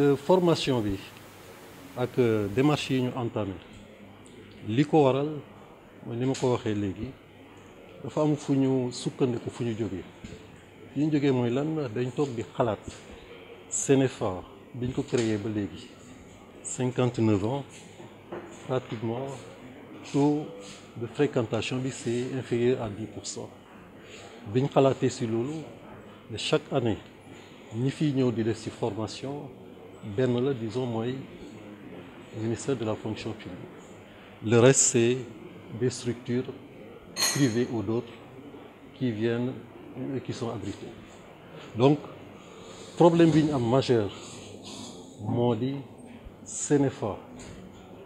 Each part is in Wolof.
Euh, formation bi ak euh, démarche yi ñu entamé li ko waral mo ni ma ko waxé légui dafa am fu ñu sukkandiku fu ñu jógee li ñu jógee mooy lan dañ tok di xalaat Sénéfa biñ ko créé ba légui 59 ans pratiquement taux de fréquentation bi c'est inférieur à 10%. biñ xalaté si lolu de chaque année ñi fi ñëw di def ci formation Bernard, disons le ministère de la fonction publique le reste c'est des structures privées ou d'autres qui viennent et euh, qui sont abritées donc problème majeur, am majeur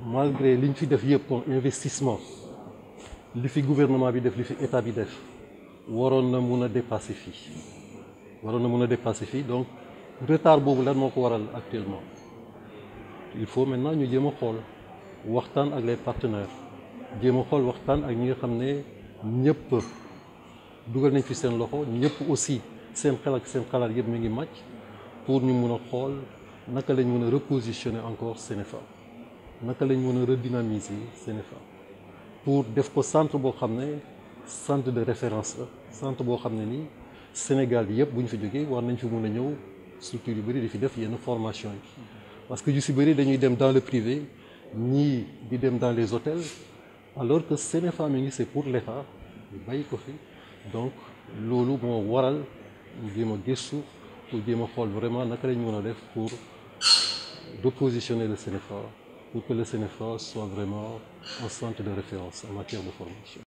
malgré l'infidèle pour fi investissement le gouvernement bi état Il a dépasser donc retard actuellement il faut maintenant ñu jéem a waxtaan les partenaires jéem a waxtaan ak ñi nga xam ne ñëpp dugal nañ seen loxo ñëpp aussi seen xel ak seen pour ñu repositionner encore Sénéfa naka lañ redynamiser Sénéfa pour def ko centre boo centre de référence Le centre Sénégal bu fi structure yu bëri di def yenn formation yi parce que je si dañuy dem dans le privé ni di dem dans les hôtels alors que le mi c'est pour l'État ñu bàyyi ko fi donc loolu moo waral ñu jéem a gëstu pour jéem a vraiment naka lañ a def pour repositionner le Sénéfa pour que le Sénéfa soit vraiment un centre de référence en matière de formation